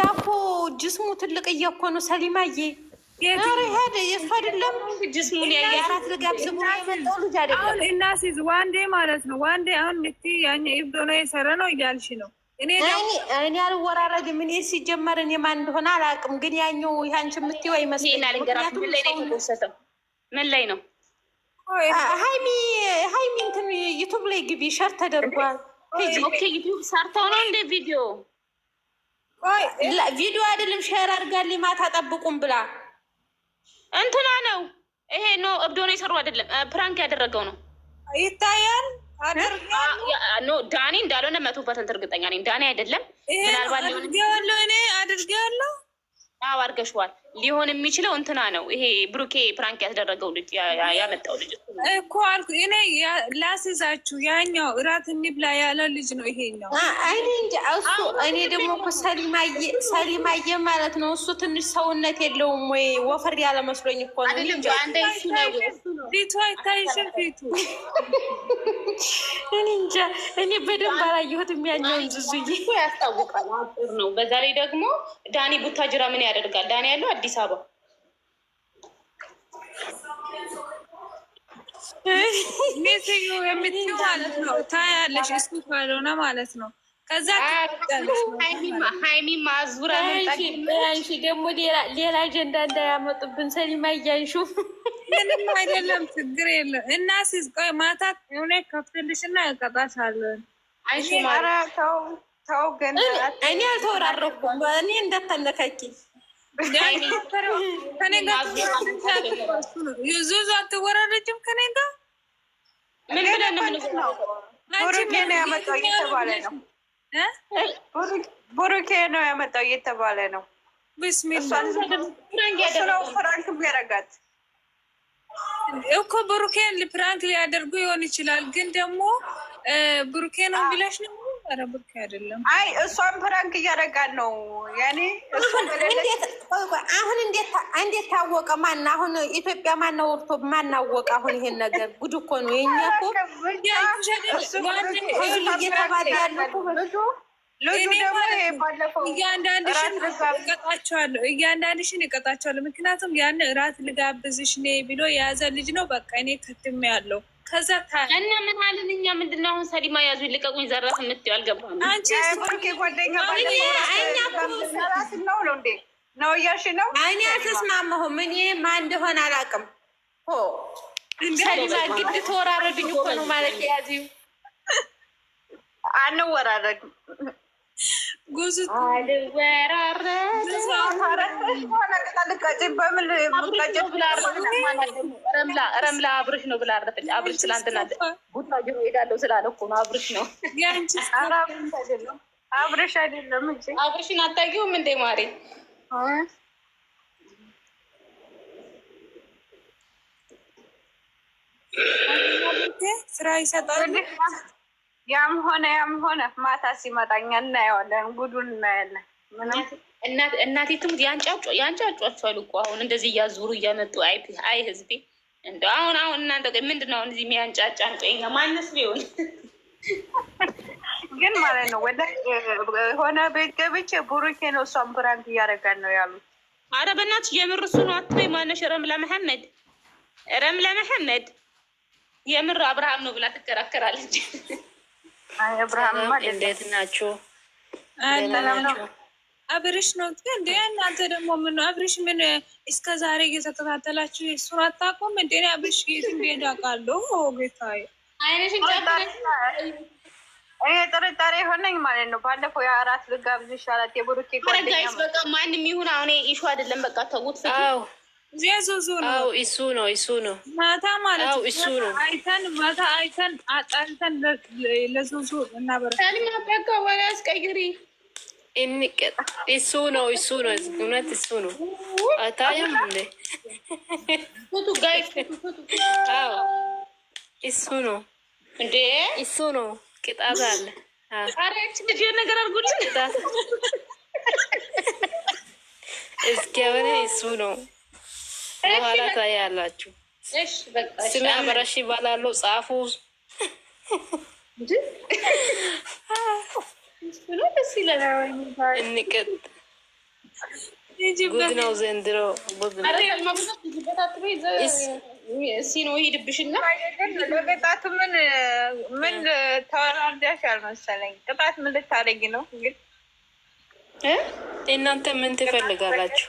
ያኮ ጅስሙ ትልቅ እየኮ ነው ሰሊማዬ። ሄድ የሱ ዋንዴ ማለት ነው ዋንዴ። አሁን ምቲ ያኛ ነው የሰረ ነው እያልሽ ነው። እኔ አልወራረድም። ሲጀመር እኔ ማን እንደሆነ አላውቅም፣ ግን ያኛው ያንቺ የምትይው ይመስለኛል። ምን ላይ ነው ሀይሚ ሀይሚ እንትን ዩቱብ ላይ ግቢ ሸር ተደርጓል። ዩቱብ ሰርተው ነው እንደ ቪዲዮ ቪዲዮ አይደለም ሼር አድርጋልኝ ማታ ጠብቁም ብላ እንትና ነው ይሄ ኖ እብዶ ነው የሰሩ አይደለም ፕራንክ ያደረገው ነው ይታያል። ኖ ዳኒ እንዳልሆነ መቶ ፐርሰንት እርግጠኛ ነኝ። ዳኒ አይደለም ምናልባት ሊሆን አድርጌዋለሁ። አዎ አድርገሽዋል። ሊሆን የሚችለው እንትና ነው። ይሄ ብሩኬ ፕራንክ ያስደረገው ልጅ ያመጣው ልጅ እኮ አልኩ እኔ ላስዛችሁ። ያኛው እራት እንብላ ያለ ልጅ ነው ይሄኛው። እኔ እሱ እኔ ደግሞ እኮ ሰሊማየ ማለት ነው። እሱ ትንሽ ሰውነት የለውም ወይ ወፈር ያለ መስሎኝ እኮ ፊቱ አይታይሽም? ፊቱ እኔ እንጃ እኔ በደንብ አላየሁትም። ያኛውን ዝዙዬ ያስታውቃል። አጭር ነው። በዛ ላይ ደግሞ ዳኒ ቡታጅራ ምን ያደርጋል? ዳኒ ያለው አዲስ አበባ ሜሴጁ የምትይው ማለት ነው። ታያለሽ እሱ ካልሆነ ማለት ነው። ከዛ ሀይሚማ ደግሞ ሌላ አጀንዳ እንዳያመጡብን ሰሊማ እያንሹ ምንም አይደለም፣ ችግር የለም። እና ሲዝ ማታ የሆነ ከፍትልሽ እና እቀጣሻለሁ። ተው ተው፣ ገና እኔ አልተወራረኩም። እኔ እንዳታነካኪ ዙዙ አትወራረጅም ከኔ ጋር ምን ብለን ነው? ብሩኬ ነው ያመጣው እየተባለ ነው። ነው ያመጣው እየተባለ ነው። ፍራንክ እኮ ፕራንክ ሊያደርጉ ይሆን ይችላል። ግን ደግሞ ብሩኬ ነው ብለሽ ነው ብርክ አይደለም። አይ እሷን ፕራንክ ነው። ያኔ አሁን እንዴት ታወቀ? ማን አሁን ኢትዮጵያ ማነው ወርቶ ማናወቀ? አሁን ይሄን ነገር ጉድ እኮ ነው። የኛ እኮ እየተባለ እያንዳንድሽን እቀጣቸዋለሁ። ምክንያቱም ያን እራት ልጋብዝሽ ብሎ የያዘ ልጅ ነው። በቃ እኔ ከትሜ ያለው ከዛ እና ምን እኛ ምንድን ነው አሁን ሰሊማ ያዙ ይልቀቁኝ ዘራፍ የምትይው አልገባም። አንቺ ነው እያልሽ ነው። እኔ አልተስማማሁም። እንደሆነ አላውቅም። ሰሊማ ግድ ተወራረዱኝ እኮ ነው ማለት የያዙ አንወራረድም ረምላ አብርሽ ነው ብላ አብርሽ ትላንትና ቡታ ሄዳለሁ ስላለ እኮ ነው። አብርሽ ነው አብርሽ አይደለም እ አብርሽን አታውቂውም እንዴ ማሬ? ስራ ይሰጣል ያም ሆነ ያም ሆነ ማታ ሲመጣኛ እናየዋለን፣ ጉዱን እናያለን። እናቴ ትሙት ያንጫጫቸዋል እኮ አሁን እንደዚህ እያዙሩ እያመጡ አይ ህዝቤ፣ እንደ አሁን አሁን እናንተ ምንድን ነው አሁን እዚህ የሚያንጫጫን? ቆይኛ ማነስ ቢሆን ግን ማለት ነው ወደ ሆነ ቤት ገብቼ ቡሩኬ ነው እሷን ብራንድ እያደረጋን ነው ያሉት። አረ በእናትሽ የምር እሱ ነው አትበይ። ማነሽ ረምላ መሐመድ ረምላ መሐመድ የምር አብርሃም ነው ብላ ትከራከራለች። እንዴት ናችሁ? አብርሽ ነው እንዴ? እናንተ ደግሞ ምን አብርሽ ምን እስከ ዛሬ እየተከታተላችሁ እሱን አታውቁም እንዴ? አብርሽ ጌት እንዴት አውቃለሁ ጌታዬ። እኔ ጥርጣሬ የሆነኝ ማለት ነው። ባለፈው የአራት ልጋብዝ ይሻላት የብሩኬ ጓደኛ በቃ ማንም ይሁን አሁን ኢሹ አይደለም። በቃ ተውት። እሱ ነው እሱ ነው ማታ ማለት እሱ ነው አይተን ማታ አይተን አጣልተን ለዙዙ እናበረሰልማበቀ ወሬ አስቀይሪ እንቀጥ እሱ ነው እሱ ነው እውነት እሱ ነው። አታየም እንዴ እሱ ነው እንዴ እሱ ነው። ቅጣት አለ አሪያችን ልጅ ነገር አድርጉልን እስኪ ሆነ እሱ ነው በኋላ ታያላችሁ። ስሜ አበረሽ ይባላሉ። ጻፉ። ጉድ ነው ዘንድሮ። ሲኖ ሂድብሽና ቅጣት ምን ምን ተወራርዳሽ አልመሰለኝ። ቅጣት ምን ልታደርጊ ነው? እናንተ ምን ትፈልጋላችሁ?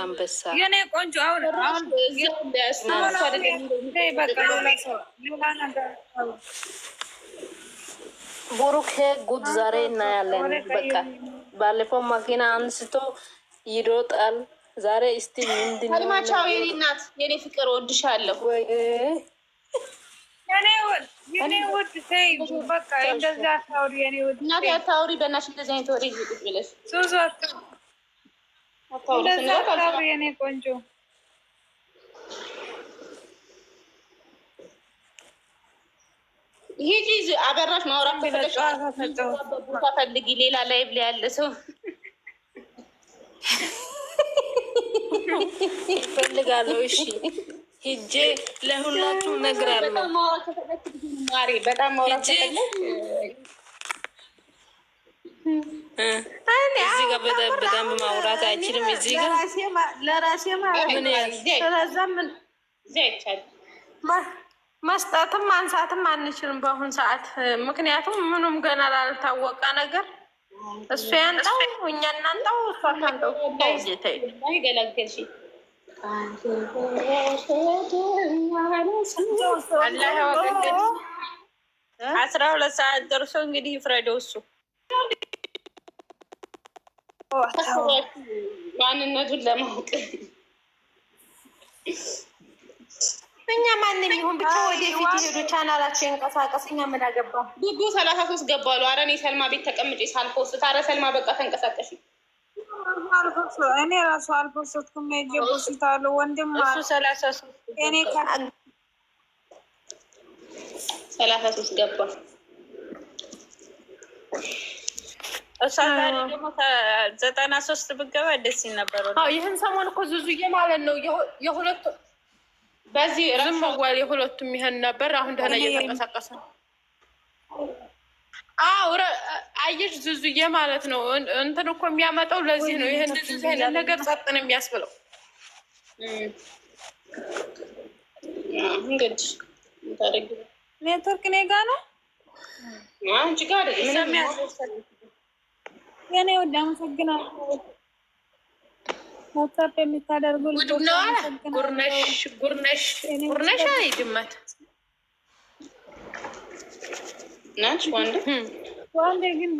አንበሳ የኔ ቆንጆ ቡሩክ ጉድ ዛሬ እናያለን። በቃ ባለፈው መኪና አንስቶ ይሮጣል። ዛሬ እስቲ ምንድን ነው? ናት የኔ ፍቅር ወድሻለሁ። የኔ ውድ በቃ እንደዛ አታውሪ። የኔ ውድ እናቴ አታውሪ፣ በእናትሽ እንደዚህ አይነት ወሬ ቁጭ ብለሽ እንደዛ አታውሪ የኔ ቆንጆ። ሂጂ አበራሽ ማውራት ከፈለሽ ቦታ ፈልጊ፣ ሌላ ላይብ ላይ ያለ ሰው እፈልጋለሁ። እሺ ሂጄ እነግርሃለሁ። አይችልም። እዚህ ጋር ለራሴ መስጠትም ማንሳትም አንችልም በአሁን ሰዓት፣ ምክንያቱም ምኑም ገና ላልታወቀ ነገር እሱ ያንጣው እኛ እናንጣው እሷ ታንጣው ይገላገል አስራ ሁለት ሰዓት ደርሶ እንግዲህ ይፍረደው እሱ ማንነቱን ለማወቅ እኛ ማንም ይሁን ብቻ ወደፊት ይሄዱ፣ ቻናላቸው ይንቀሳቀስ። እኛ ምን አገባ? ጉጉ ሰላሳ ሶስት ገባሉ። አረ እኔ ሰልማ ቤት ተቀምጬ ሳልፖስት። አረ ሰልማ በቃ ተንቀሳቀሽ። እኔ ራሱ አልፖስትኩም። ሄጄ ፖስታለሁ። ወንድም ሰላሳ ሶስት ገባ። ዘጠና ሶስት ብገባ ደስ ይል ነበር። ይህን ሰሞን እኮ ዙዙዬ ማለት ነው የሁለቱ በዚህ ረመዋል የሁለቱም ነበር። አሁን ደህና እየተንቀሳቀሰ ነው አውረ አየሽ ዙዙዬ ማለት ነው። እንትን እኮ የሚያመጣው ለዚህ ነው። ይህን እንደዚህ ነገር ጸጥ የሚያስብለው። እንግዲህ ኔትወርክ እኔ ጋ ነው አንቺ ጋ የኔ ወደ አመሰግናለሁ። ዋትሳፕ የሚታደርጉ ልጆች ጉርነሽ ጉርነሽ ጉርነሽ አይ ድመት ናች ወንድ ወንድ ግን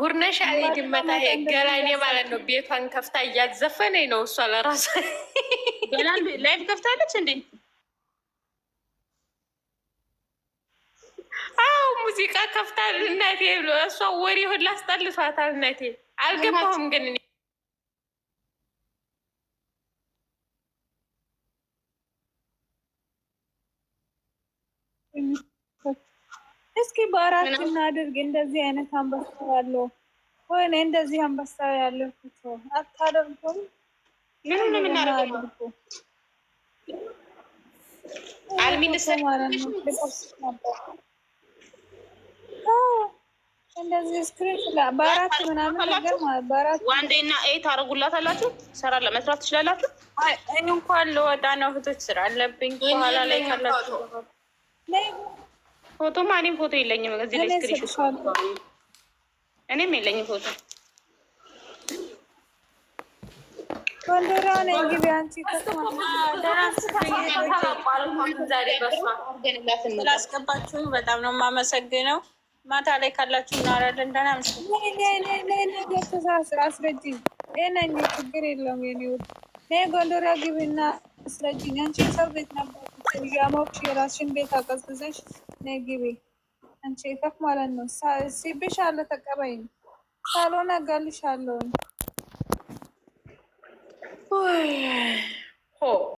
ጉርነሽ አለ ድመታ ገላኔ ማለት ነው። ቤቷን ከፍታ እያዘፈነኝ ነው። እሷ ለራሷ ላይፍ ከፍታለች እንዴ? አዎ ሙዚቃ ከፍታል። እናቴ ብሎ እሷ ወሬ ሁላ አስጠልቷታል። እናቴ አልገባሁም ግን እስኪ በአራት እናድርግ። እንደዚህ አይነት አንበሳ ያለው ወይ እኔ እንደዚህ አንበሳ ያለው አታደርጉም? ምን ምን እንደዚህ ስክሪፕት በአራት ምናምን ነገር በአራት ዋንዴና ኤት አረጉላት አላችሁ ሰራ ለመስራት ትችላላችሁ። እኔ እንኳን ለወጣ ነው እህቶች ስራ አለብኝ በኋላ ላይ ካላችሁ ፎቶማ እኔም ፎቶ የለኝም። እዚህ ላይ ስክሪንሾት እኔም የለኝም ፎቶ ስላስገባችሁኝ በጣም ነው የማመሰግነው። ማታ ላይ ካላችሁ እናወራለን። ደህና አስረጅኝ። ችግር የለውም። ጎንደራ ግቢና አስረጅኝ። አንቺ ሰው ቤት ነበር ዣሞች የራስሽን ቤት አቀዝቅዘሽ ነይ ግቢ። አንቺ ከፍ ማለት ነው ሲብሽ አለ ተቀበይ ካልሆነ እገልሻለሁ።